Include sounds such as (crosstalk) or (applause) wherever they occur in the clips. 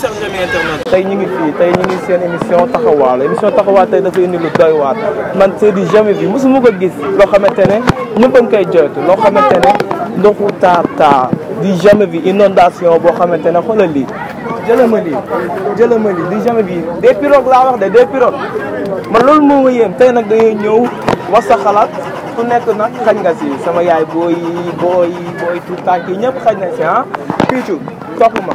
tey ñu ngi fii tey ñu seen émission taxawaal émission taxawaal tey dafa indi lu doy waar man c'est du jamais vu mosuma ko gis loo xamante ne ñëpp a ngi koy joytu loo xamante ne ndoxu taar taar du jamais vu inondation boo xamante ne xoolal lii jëlama lii ma lii du jamais vu des pirogues laa wax de des pirogues man loolu moo ma yéem tey nag dañuy ñëw wax sa xalaat ku nekk nag xañ nga si sama yaay booy booy booy tout tànk yi ñëpp xañ na si ah piicu topp ma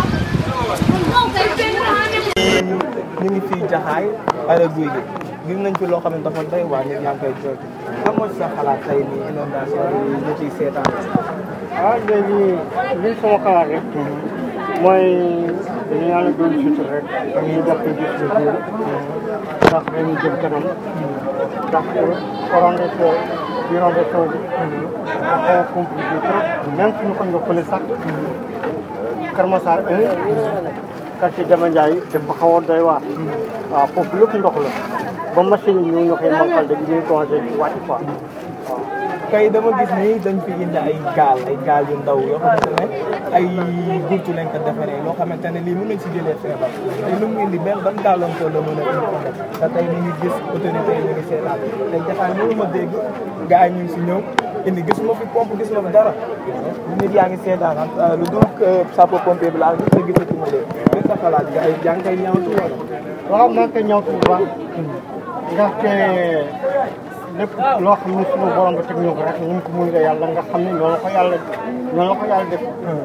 ñu ngi fii jaxaay ala guy gi gis nañ fi loo xam ne dafa doy waar nit ñaa ngi koy sa xalaat tey nii inondation seetaan ah, rek mooy dañu yàlla doon sutur rek ak ci biir ndax dañu jëm kanam ndax orange ko ironde taw bi dafa compliqué trop même quartier Jama Ndiaye jaay xaw a doy waar waaw foofu lépp ndox la ba machine yi ñu ñu koy manqual de ñuy commencé wàcc kay dama gis ni dañ fi indi ay gaal ay gaal yu ndaw yoo xamante ne ay gurtu lañ ko defaree loo xamante ne lii mën nañ si jëlee feebar tey lu mu indi benn ban gàllankoor la mën a indi te tey ñu ngi gis autorité yi ñu ngi seetaan tey jaxaan ñu ma dégg gars yi ñu ngi si ñëw gis gisuma fi pompe gisuma fi dara nit yaa ngi seetaan lu dul sappo pompe bi laa gis gis ci mu dee gën nga ay jàng koy ñawtu wala waaw maa ngi koy ñawtu bu baax ndaxte lépp loo xam ne suñu ñu ko rek ñu ko mun nga yàlla nga xam ne noonu la ko yàlla noonu la ko yàlla def hmm.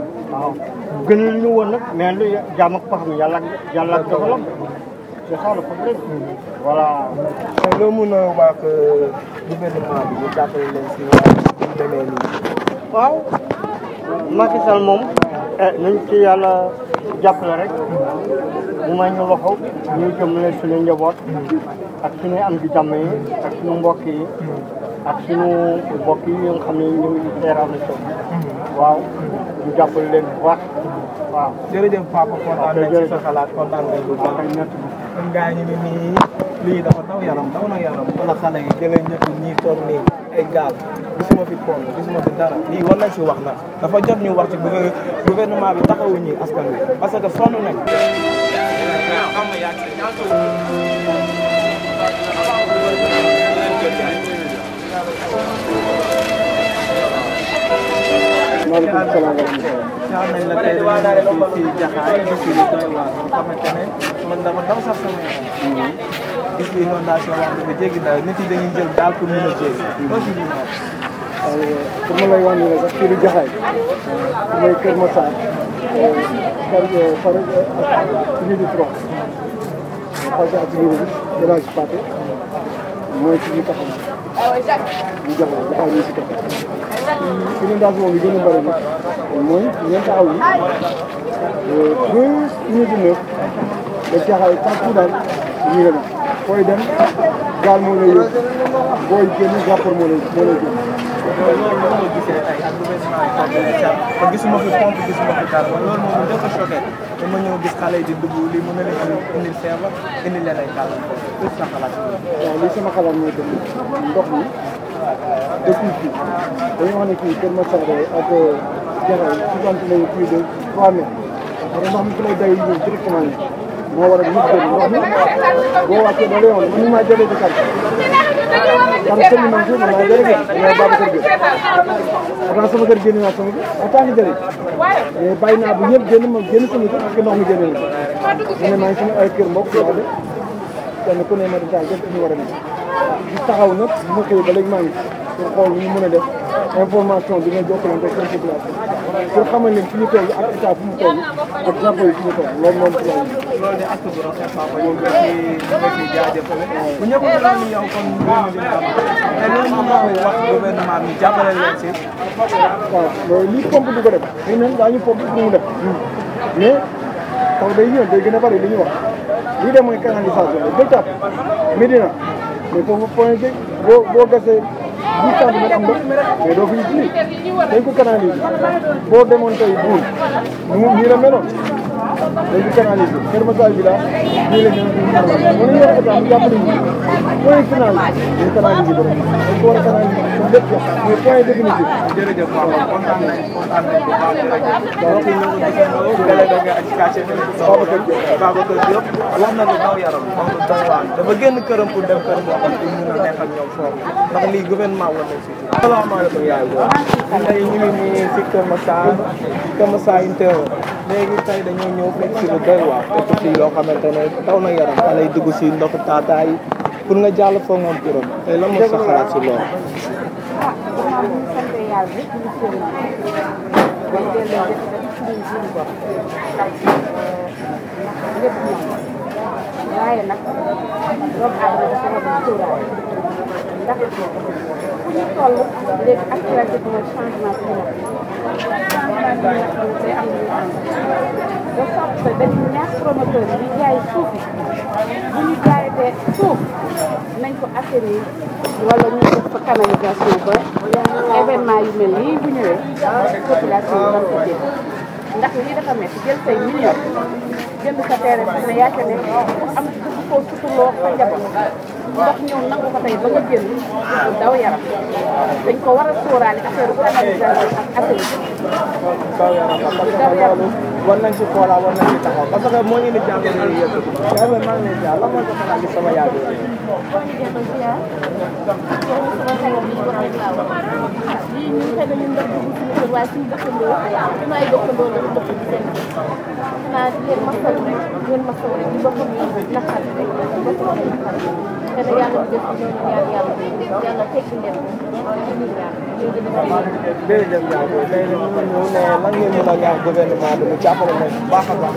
c'est ça le problème. voilà. mun a wax euh, gouvernement bi ñu jàppale leen si wàllu demee nii. waaw Macky Sall moom eh, ci yàlla jàppale rek mu may ñu loxo ñu jëmale suñu njaboot ak suñu am di jàmm ak suñu mbokk yi ak suñu mbokk yi nga xam ñu ngi seeraan waaw ñu jàppale leen bu baax waaw. am gaa ñu ni nii lii dafa daw yaram daw na yaram wala xale yi jëlee ñëpp ñii toog nii ay gaal gisuma fi pont gisuma fi dara lii war nañ wax nag dafa jot ñu wax ci gouvernement bi taxawu ñi askan parce que sonn nañ Thank gis nga inondation boo xam ne jéggi nawet nit yi dañuy jël daal pour mën a jéggi. pour ma lay wan ne sax kii di Jaxaay mooy Kër Massar far far unité 3 passé ak unité bi village Pathé mooy ci ñu taxaw ñu Jaxaay Jaxaay ñu si taxaw inondation bi gën a bëri bi mooy ñeenti aw yi plus unité neuf da jaxay partout daal ñu nga dem fooy dem gaal moo lay booy génn jàppal moo lay moo lay génn loolu gis xale di dugg lii mën na leen indi feebar indi leen ay kàlla. xalaat mooy dem ndox mi. depuis fii wax ne fii Kër ma ak Diakha su ko amee plus de 3 mètres parce que ndox mi fi lay day ñëw directement yi moo waral nit maa jëlee ci kàddu parce que man suuf man maa jëlee ci man baabu kër gi avant génn naa sama kër en tant que jëlee mais bàyyi naa bu ñëpp génn ma génn ma ay kër mbokk yoo xam ne kenn ku ne ma dafa jël ci ñu war a di taxaw nag bu ma xëyee ba léegi maa ngi a def information bi nga jokkalante seen population pour xamal leen fi ñu toll ak état fu mu toll ak jàppale fi ñu toll loolu moom ci loolu de acte bu rafet papa ñu ngi ci jaajëfal bu ñëpp doon ni yow kon loolu li am te loolu moom moo leen si waaw loolu lii pompe du ko def ñu ne daañu pompe a bëri li ñu wax lii de mooy canalisation bi delta Médina mais foofu point bi boo boo gasee huit cent mètres am ndox mais ñu dañ ko canaliser boo demoon tey buur ñu nii la meloon dañu canaliser Kër Massar bi daal nii la ñu mën a yor état bi jàpp nañu point final dañu canaliser ba pare dañu ko war a canaliser lépp jox mais point définitif. jërëjëf waaw kontaan nañ kontaan nañ bu baax jërëjëf. waaw kii ñoo ko gisandoo délégué nga ak quartier Babacar Diop Babacar Diop wax na lu daw yaram wax lu doy waar dafa génn këram pour dem kër boo xam ne mën a nekk ak ñoom foofu ndax lii gouvernement wala si salaamaaleykum yaay boobu ñu ngi nii si Kër Massar Kër Massar léegi tey dañoo ñëw fekk si lu doy waar fekk si loo xamante ne taw na yaram xale yi dugg si ndoxu taataay pour nga jàll foo ngoon juróom tey lan moo sa xalaat si loolu. ndax fu ñu toll léegi actualité changement climatique changement climatique day ba dañu ñaax promoteur bi jaay suuf bu ñu jaayatee suuf nañ ko assainir wala ñu def fa canalisation ba événement yu mel nii bu ñëwee population bi ko jël ndax lii dafa métti jël say million jënd sa terrain ne yaa ca nekk am dugg koo njaboot ndox ñëw nangu ko tey ba nga génn daw yaram dañ ko war a sóoraale affaire organisation ak atelier. daw yaram parce que war nañ si xoolaa war nañ si taxaw parce que moo ñu ni jàng nii yëpp vraiment maa ngi lay jaar lan moo tax naa gis sama yaay bi. lii ñun xëy na ñun ndox dugg suñu kër waaye suñu dëkkandoo suñu ay dëkkandoo la ñu dëkk di seen xanaa di leen masawu leen masawu rek ñu bokk naqar jërëjëf Ndiaye booy tey nag ñu ñëw ne lan ngeen mën a ñaax gouvernement bi mu jàppale leen bu baax a baax.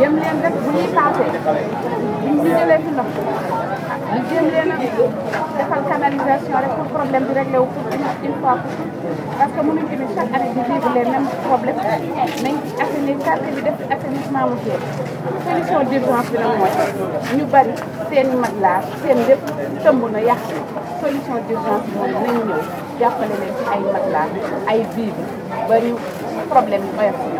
yéen leen rek bu ñuy paasee bu ñu jëlee ci ndox jéem leen a defal canalisation rek pour problème bi réglé wu pour une fois parce que mënuñ tamit chaque année di vivre les mêmes def assainissement mu jéem solution d'urgence bi nag mooy ñu bari seen matelas seen lépp tëmb na yàq solution d'urgence bi moom nañ ñëw jàppale leen ci ay matelas ay vivres ba ñu problème yi oyof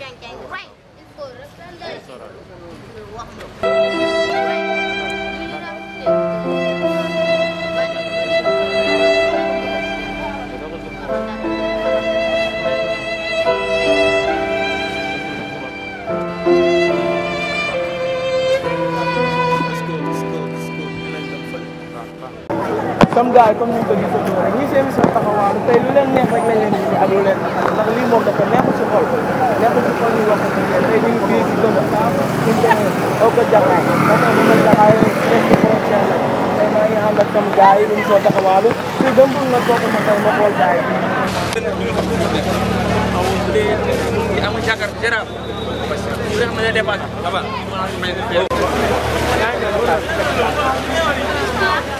Crank, crank, guy comme ni ñu ko gisee woon rek ñu seen émission taxawaalu tey lu leen neex rek lañ leen di ak lu leen ndax lii moom dafa neex ci xol neex ci xol ñu wax ko tey ñu ngi fii si dëgg ñu demee oo ko jaxaay parce que bu ma jaxaay nekk ci frontière la tey maa ngi ànd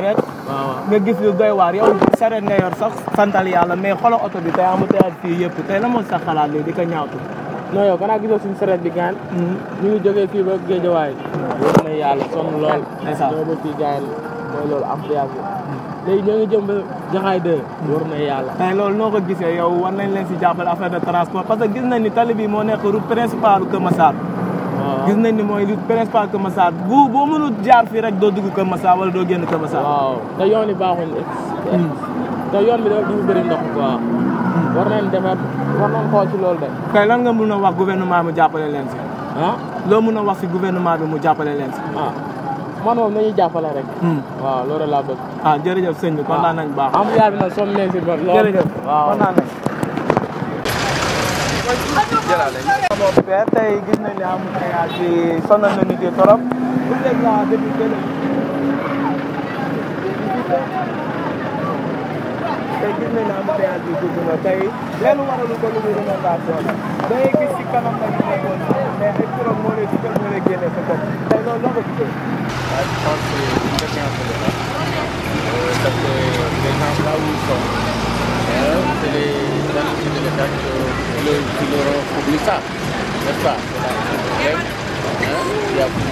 saret nga gis lu doy waar yow saret nga yor sax santal yàlla mais xolo oto bi tey amu tey fii yëpp tey la bi gaan hmm. ñu ngi jógee fii ba géejawaay war na yàlla sonn lool ñoo ba fii gaan mooy loolu am péage hmm. léegi ñoo ngi jëm ba jaxaay de war na yàlla tey loolu noo ko gisee yow war nañ si jàppale affaire de transport parce gis nañ ni tali bi moo nekk route principale Kër Massar gis nañ ni mooy li principal Kër Massar bu boo mënul jaar fii rek doo dugg Kër Massar wala doo génn Kër Massar. waaw te yoon yi baaxul hmm. te yoon bi dafa du bëri ndox quoi. Hmm. war nañ loolu de. kay nga mën a wax gouvernement mu jàppale leen si. ah loo mun a wax si gouvernement bi mu jàppale leen si. ah man moom nañu jàppale rek. Hmm. waaw loolu laa bëgg. ah jërëjëf sëñ bi père tey gis nañ ne am embouteillage bi sonal na nit yi torop bu nekk la député la tey gis nañ ne embouteillage bi dugg na tey lenn waralu ko lu muy remontation da ngay gis ci kanam nag ñu nekkoon mais ay turam moo lay dugal moo lay génne sa bopp tey loolu loo ko gisee. waaw je pense que quelqu'un a fait ça parce que les gens là où ils sont c'est les gens de l'État si loro publisa basta ya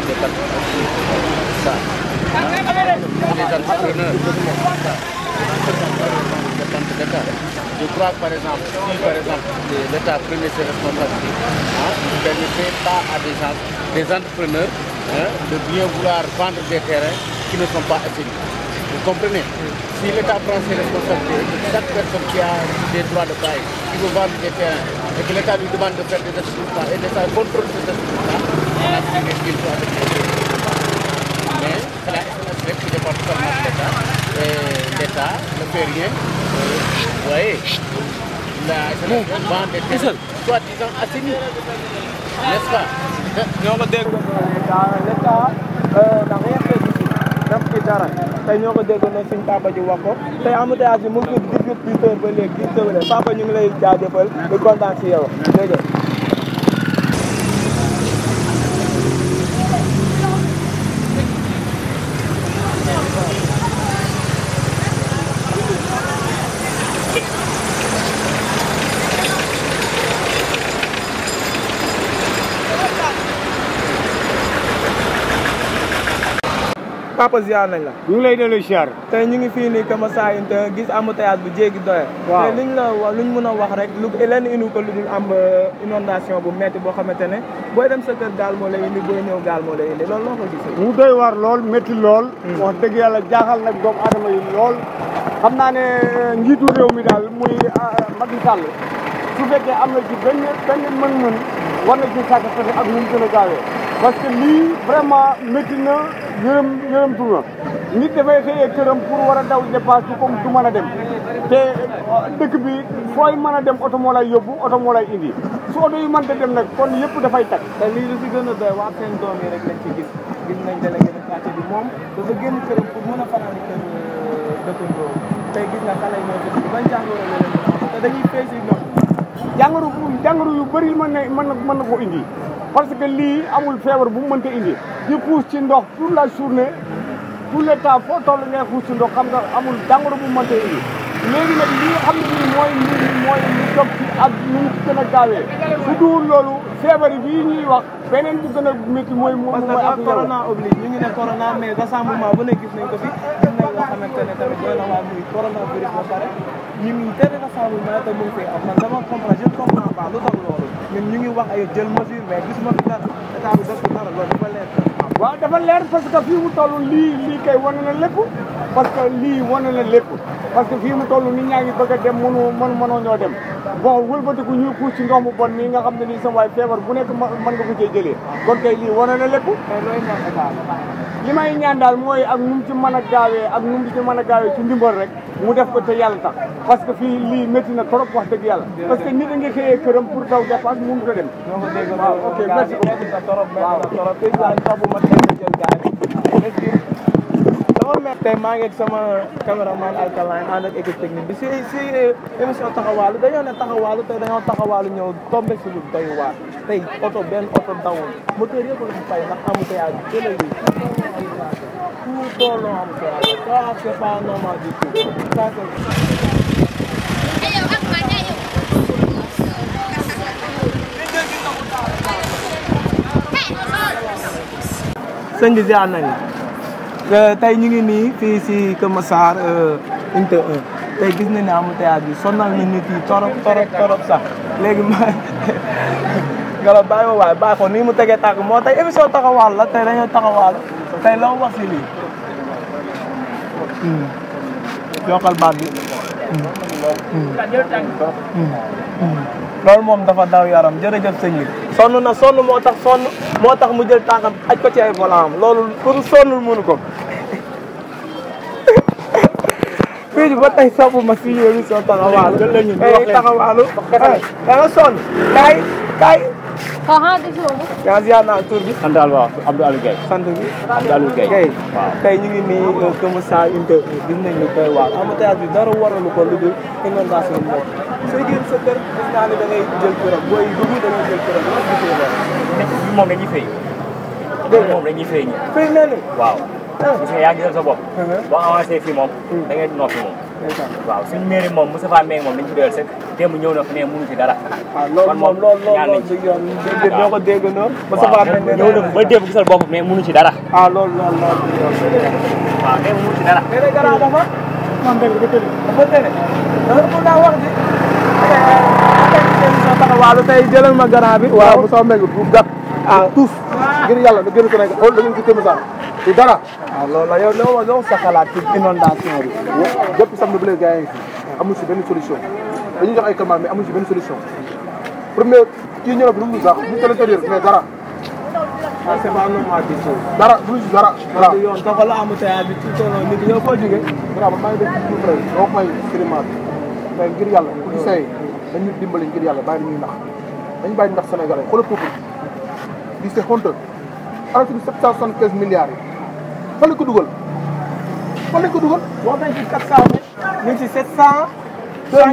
dekat sa je crois par exemple par exemple des entrepreneurs de bien vouloir vendre des terrains qui ne sont pas assainis Vous comprenez Si l'État prend ses responsabilités, chaque personne qui a des droits de bail, qui veut vendre des terrains, et que l'État lui demande de faire des et de faire contrôle ces là on a pris des avec les Mais c'est la SNSF qui l'État hein. et l'État ne fait rien. Vous euh, voyez, la SNSF vend des soi-disant n'est-ce pas L'État euh, n'a rien def ci dara tey ñoo ko dégg ne suñ papa ji wax ko tey embouteillage bi mu ngi fi 18 heures ba léegi 10 heures papa ñu ngi lay jaajëfal di kontaan si dégg papa ziar nañ la. ñu ngi lay dellu ziar. tey ñu ngi fii nii Kama Saayin te gis embouteillage bu jéggi doye. waaw te liñ la wax luñ mën a wax rek lu lenn inu ko lu dul am euh, inondation bu metti boo xamante ne booy dem sa kër gaal moo lay indi booy ñëw gaal moo lay indi loolu loo ko gisee. mu doy waar lool métti lool. Hmm. wax dëgg yàlla jaaxal nag doomu aadama yi lool. xam naa ne euh, njiitu réew mi daal muy euh, Macky Sall su fekkee am na ci benn benn mën-mën war na ci sàkk ak nu mu gën a gaawee parce que lii vraiment métti na. yërëm yërëm tuura nit dafay xëyee këram pour war a daw dépasse bi comme du mën a dem te euh, dëkk bi fooy mën a dem oto moo lay yóbbu oto moo lay indi su yu man mënta dem nag kon yëpp dafay tag te lii lu si gën a yi rek lañ ci gis gis nañ délégué bi moom dafa génn këram pour mën a fanaan kër euh, dëkkandoo tey gis na xale yi jàngoro la te yu bëri mën na mën na mën na ko indi parce que lii amul feebar bu mu mënta indi di xuus ci ndox toute la journée tout le temps foo toll ngay xuus ci ndox xam nga amul jàngoro bu mu mënta indi léegi nag li nga xam ne nii mooy mbir mi mooy ñu jóg ci ak ñu gën a gaawee su duwul loolu feebar bii ñuy wax beneen bu gën a métti mooy moom mooy ak corona oblige ñu ngi ne corona mais rassemblement bu ne gis nañ ko fi gis nañ loo xamante ne tamit doy na waa muy corona virus ba pare ñu ngi tere rassemblement te mu ngi fay am man dama comprendre je comprends pas lu tax loolu ñun ñu ngi wax ay jël mesure mais gis ma fi dara état bi def ko dara loolu dafa leer waaw dafa leer parce que fii mu toll lii lii kay wane na lépp parce que lii wane na lépp parce que fii mu toll nit ñaa ngi bëgg dem mënu mën mënoo ñoo dem bon wëlbatiku ñuy puus ci ndox mu bon nii nga xam ne nii sama feebar bu nekk mën nga ko cee jëlee kon tey lii wane na lépp li may ñaan daal mooy ak nu mu ci mën a gaawee ak nu mu ci mën a gaawee ci ndimbal rek mu def ko te yàlla parce que fii lii métti na trop wax dëgg yàlla parce que nit a ngi xëyee këram pour taw dépense ko dem tey maa ngi ak sama caméraman alkaline ànd ak équipe technique bi si si eh, émission taxawaalu dañoo ne taxawaalu tey dañoo taxawaalu ñëw tombé si lu doy waar tey oto benn oto dawul moteur yëpp la fay ndax amu ko yaa jëlee yi tout dooloo am ko yaa ça c'est pas normal du tout ça c'est sëñ bi ziar nañu Euh, tey ñu ngi nii fii si Kër Massar euh, unité 1 tey gis nañ ne bi sonal na nit yi torop torop torop sax léegi ma (laughs) ngelaw bàyyi ma waay nii mu tegee tànk moo tey émission taxawaal la tey dañoo taxawaal tey loo wax si lii. Hmm. yokkal baat bi. Hmm. Hmm. moom dafa daw yaram jërëjëf sëñ bi. sonn na son moo tax son moo tax mu jël tànkam aj ko ci ay volant am loolu pour sonnul mënu ko. fii ba tey soppu eh, eh, yaa naa tur bi. sant waaw Abdou Aliou Guèye. sant bi Abdou Aliou Guèye. waaw tey ñu ngi nii euh, Kër Moussa interview gis nañ ñu koy waaw embouteillage bi dara waralu ko lu sooy génn sa kër gis naa ne jël kuréel booy yi dugub da jël kuréel moom dañuy fay. dégg nga moom dañuy fay. fay gis nga yaa ngi fii moom da ngay noppi moom waaw suñu mairie moom Moussa Fall meeg moom dañ ci ñëw na fi ne mënu ci dara waaw loolu moom loolu loolu ñoo ko dégg noonu Moussa Fall ñëw na ba démb gisal bopp ci dara ah loolu loolu loolu ci dara mais gara dafa moom ma garant bi waaw Moussa Mbengue bu gàtt ah tuuf ngir yàlla da gën ko ci dara waaw ah, loolu la yow looloo sa xalaat ci inondation bi. depuis samedi ba léegi gars yi ngi fi si benn solution dañuy jox ay commandes mais amul si benn solution premier kii ñëw bi lu sax bu teel dara. ah c'est pas normal bi dara bu ñu dara. voilà la am tey bi ci tolloo nit ñi yow foo jógee. waaw man maa ngi def ci yàlla ku ci say dañu dimbali ngir yàlla bàyyi ñuy nax dañu bàyyi ndax Sénégalais xoolal peuple bi c'est honteux. alors que 775 fa lañ ko dugal fa lañ ko dugal wax nañ ci quatre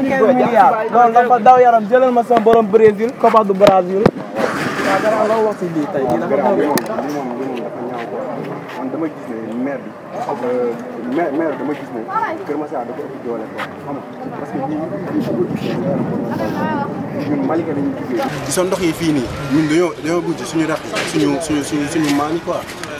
milliards dafa daw yaram jëlal ma sama borom Brésil Copa du Brésil waaw dara tey lii dafa dama gis ne bi euh, maire maire dama gis ne Kër Massar dafa ëpp doole quoi xam parce que ñun Malika lañuy jógee. ci sa ndox yi fii nii ñun dañoo guddi suñu rax suñu suñu suñu suñu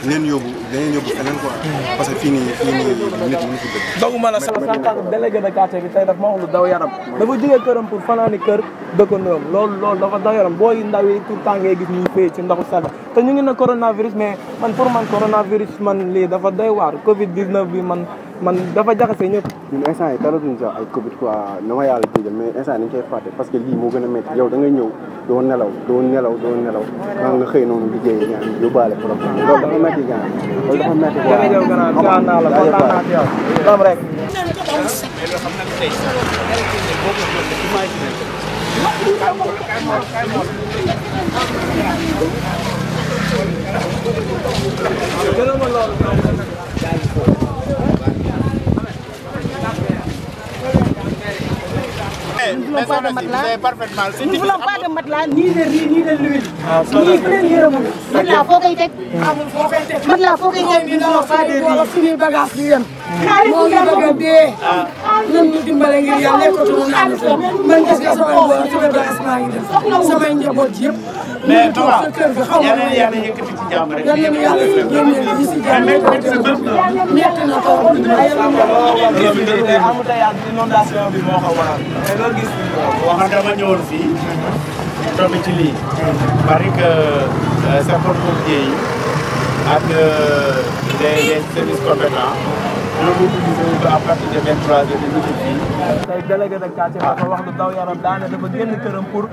ngeen yóbbu dangeen yóbbu feneen quoi. parce que fii nii fii nii nit ñi ko dëgg. dogu ma la sama sama tànk délégué de bi tey daf ma wax lu daw yaram. dafa jógee këram pour fanaani kër dëkkandoom loolu loolu dafa daw yaram booy ndaw yi tout temps ngay gis ci ndoxu sedd te ñu ngi ne coronavirus mais man pour man coronavirus man lii dafa doy waar Covid 19 bi man. man dafa jaxase ñëpp. ñun instant yi talatuñ sax ay Covid quoi na ma yàlla tëjal mais instant dañ koy fàtte parce que lii moo gën a métti yow da ngay ñëw doo nelaw doo nelaw doo nelaw maa nga xëy noonu liggéey ñaan yóbbaale problème loolu dafa métti gaan loolu dafa métti quoi. da ngay ñëw gannaaw gannaaw naa la kontaan naa ci yow loolu rek. Jangan malu. mais nous voulons pas de matelas. Nous ne voulons pas de matelas ni de riz ni de l'huile. nii ku leen yërëmul. matelas foo koy teg. amul foo koy teg matelas foo koy teg ñu ne pas de riz suñuy bagage di yem. xaalis bi nga bëgg a dee. ñun ñu dimbale ngir yàlla nekkatu mu naan man gis nga samay mbooloo ci benn asmaa ngi def samay njaboot yëpp. mais Touba yal na yàlla yëkkati ci jàmm rek. yal na yàlla yëkkati ci jàmm rek. métti na ko inondation bi moo ko waral. te loolu gis wax dama ñëwoon fii. toog ci lii. bari que euh, sapeurs-pompiers yi ak euh, les les services compétents. loolu bu ñu ba à partir de 23 heures ñu ngi fii. tey délégué de quartier dafa wax lu daw yaram daanaka dafa génn këram pour.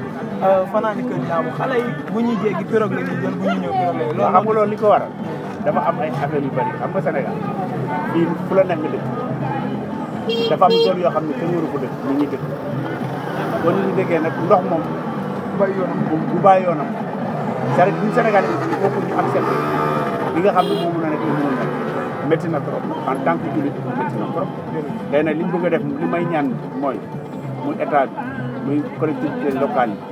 Euh, fanaan kër jaamu xale yi bu ñuy jéggi pirogue la ñuy jël bu ñuy ñëw pirogue la ñuy. loolu xam nga loolu li ko waral dafa am ay affaire yu bëri xam nga Sénégal fii fu la nekk nga dëkk dafa am zone yoo xam ne kenn waru ko dëkk ñu ñuy dëkk boo ñu ñu dëkkee nag ndox moom bu bàyyi yoonam bu bàyyi yoonam c'est-à-dire ñun Sénégal yi foofu ñu am seen li nga xam ne moom la nekk moom la métti na trop en tant que jullit métti na trop léegi nag li ñu bëgg a def li may ñaan mooy muy état bi muy collectivité locale yi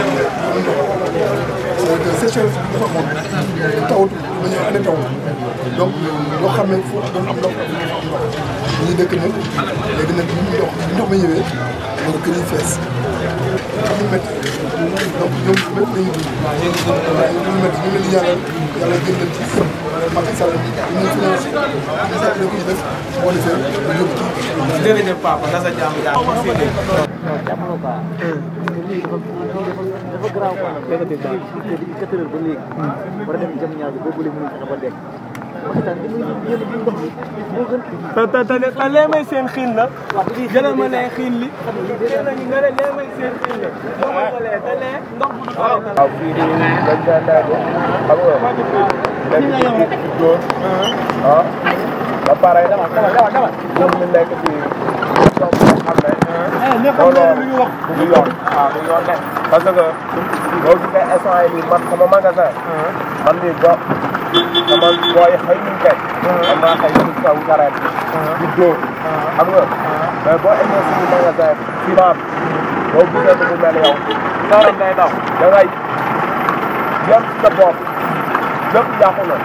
te sécheresse bi dafa amoon tawut dañoo andi tawul donc loo xam ne foofu doon am ndox dañuy dëkk nag léegi nag bu ndox ndox ma ñëwee loolu kër yi fees am na métti donc ñoom ñëpp dañuy dund waaye ñu métti ñu leen di ñaanal yàlla jël leen ci sëb Macky Sall ñu financé ñu jàppale ko ñu def boo defee ñu yóbbu. jërëjëf papa na sa jàmm jàmm. dafa garaaw quoi. dafa dégg daal depuis quatre heures ba léegi. war a dem jëm ñaar bi boobu léegi mënuñu fexe ba dégg. waxtaan bi muy yéen bi ndox mi moo gën. te te te lee may seen xiin la. waaw lii jëlee ma lee xiin li. kenn nag nga ne lee may seen xiin la. boo ma ko lee te lee ndox bu du ko lee. waaw fii nii dañ daan daal de xam nga. ñu ngi lay wax rek góor. ah ba pare. dama dama dama. ñoom ñu nekk fii. xam ne. looloo lu ñu wax du yoon waaw du yoon de parce que boo gisee instant yii man sama magasin. man mii ba sama booy xëy ñu teg. man maa xëy ñu kaw garab di dóor. xam nga mais boo amee suñu magasin ciment bi boo gisee lu mu mel yow. dara ngay daw da ngay yem sa bopp lépp yàqu na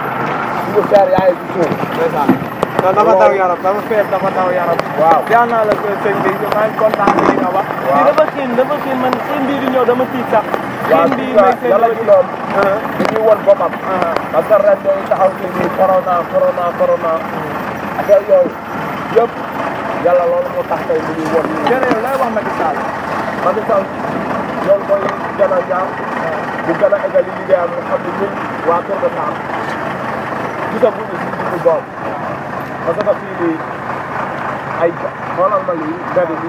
suñu fer yaa ngi ci suuf. waaw dafa daw yaram dafa fees dafa daw yaram. waaw jaa naa la sëñ bi maa ngi kontaan si li nga wax. waaw dafa xiin dafa xiin man seen biir di ñëw dama tiit sax. waaw ci quoi yàlla ci loolu. dañuy won boppam. Uh-huh. parce que ren day taxaw ci nii corona corona corona. Mm. ak yow yëpp yàlla loolu moo tax tey li ñuy won. jërëjëf lay wax Macky Sall. Macky Sall loolu mooy gën a ñaaw. bu uh-huh. gën a eggali liggéeyam nga xam ne ñun waa Kër Massar. gisaguñu si suñu doom. parce que fii nii ay xoolal ma lii mbedd bi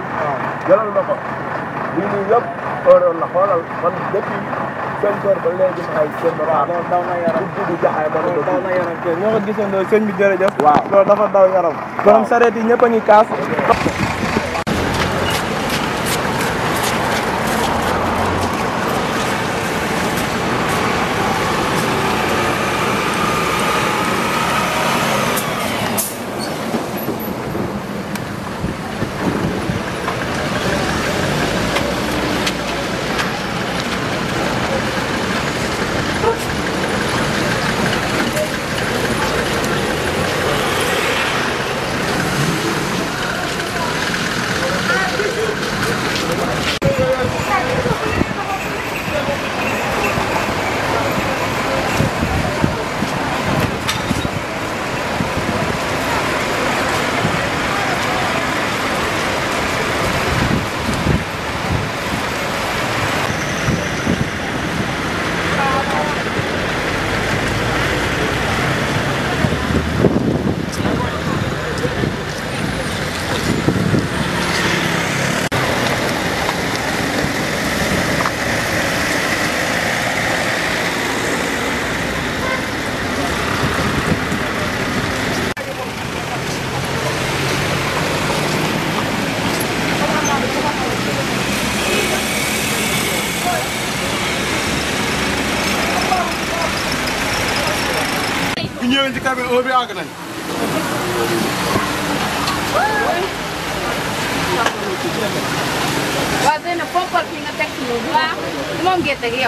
jëlal ma ko lii nii yëpp heure la xoolal man depuis cinq heures ba léegi ma ay seen waaw loolu daw na yaram bu dugg jaxaay ma loolu na yaram kay ñoo ko gisandoo sëñ bi jërëjëf waaw loolu dafa daw yaram borom sareet yi a నుంచి కవి ఓబి ఆగనని Wat in de popper ging het echt niet waar. Wij, wij, wij, wij,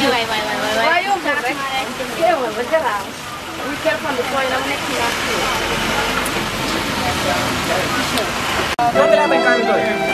Wij, wij, wij, wij, wij. Wij, wij, wij. wij, we wij, wij, wij, wij, wij, wij, wij, wij, wij, wij, wij, wij, wij, wij, wij, wij, wij, wij, wij